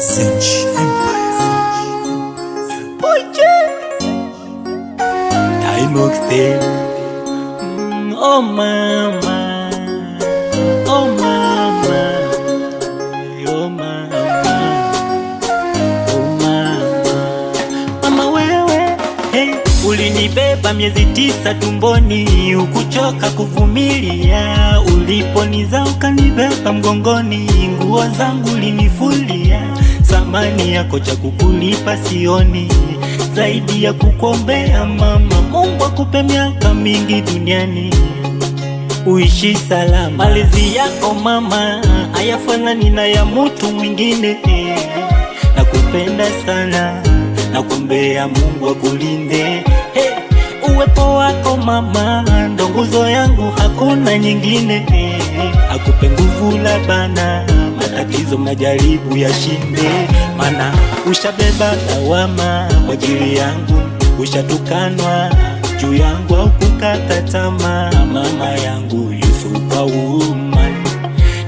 Zenj Empire Oje Dialogue Stay mm, Oh mama Oh mama Oh mama Oh mama Mama wewe hey. Ulinibeba miezi tisa tumboni ukuchoka kuvumilia uliponiza ukanibeba mgongoni nguo zangu ulinifulia samani yako cha kukulipa sioni zaidi ya kukombea mama. Mungu akupe miaka mingi duniani uishi salama. Malezi yako mama hayafanani na ya mtu mwingine. Nakupenda sana, nakuombea Mungu akulinde. Hey, uwepo wako mama ndo nguzo yangu, hakuna nyingine. Akupe nguvu la bana tatizo mnajaribu yashinde, mana ushabeba lawama kwa ajili yangu, ushatukanwa juu yangu au kukata tamaa, mama yangu Yusufu Umar,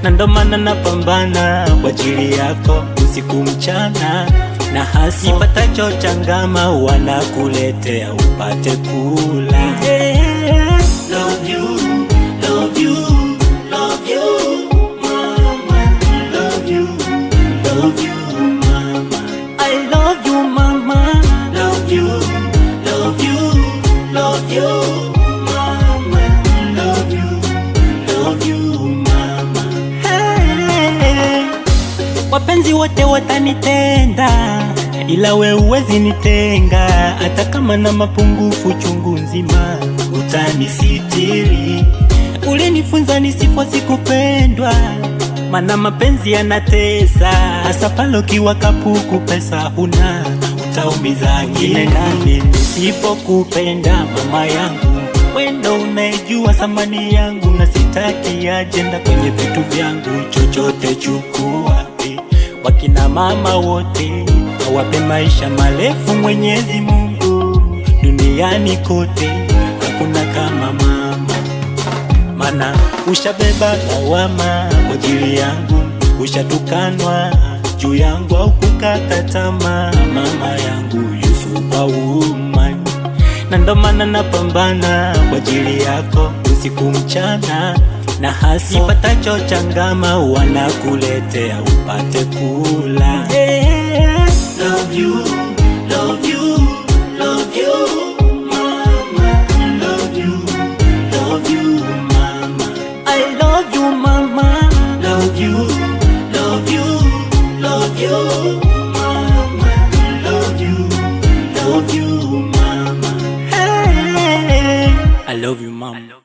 na ndo maana napambana kwa ajili yako usiku mchana, na hasi patacho changama wanakuletea upate kula Wapenzi wote watanitenda, ila we uwezi nitenga, hata kama na mapungufu chungu nzima, utanisitiri. Ulinifunza nisifosi kupendwa Mana mapenzi yanatesa, hasa pale ukiwa kapuku, pesa huna, utaumiza akili ndani. Nisipokupenda mama yangu, wendo unajua thamani yangu, na sitaki ajenda kwenye vitu vyangu, chochote chukua. Eh. Wakina mama wote wape maisha marefu Mwenyezi Mungu, duniani kote hakuna kama mama, mana ushabeba lawama mwajili yangu ushatukanwa juu yangu au kukata tamaa, mama yangu Yusufu Aumani, na ndo maana napambana kwa ajili yako usiku mchana, na hasa ipatacho changama wanakuletea upate kula. Love you. love you, mama. Hey, I love you, mama.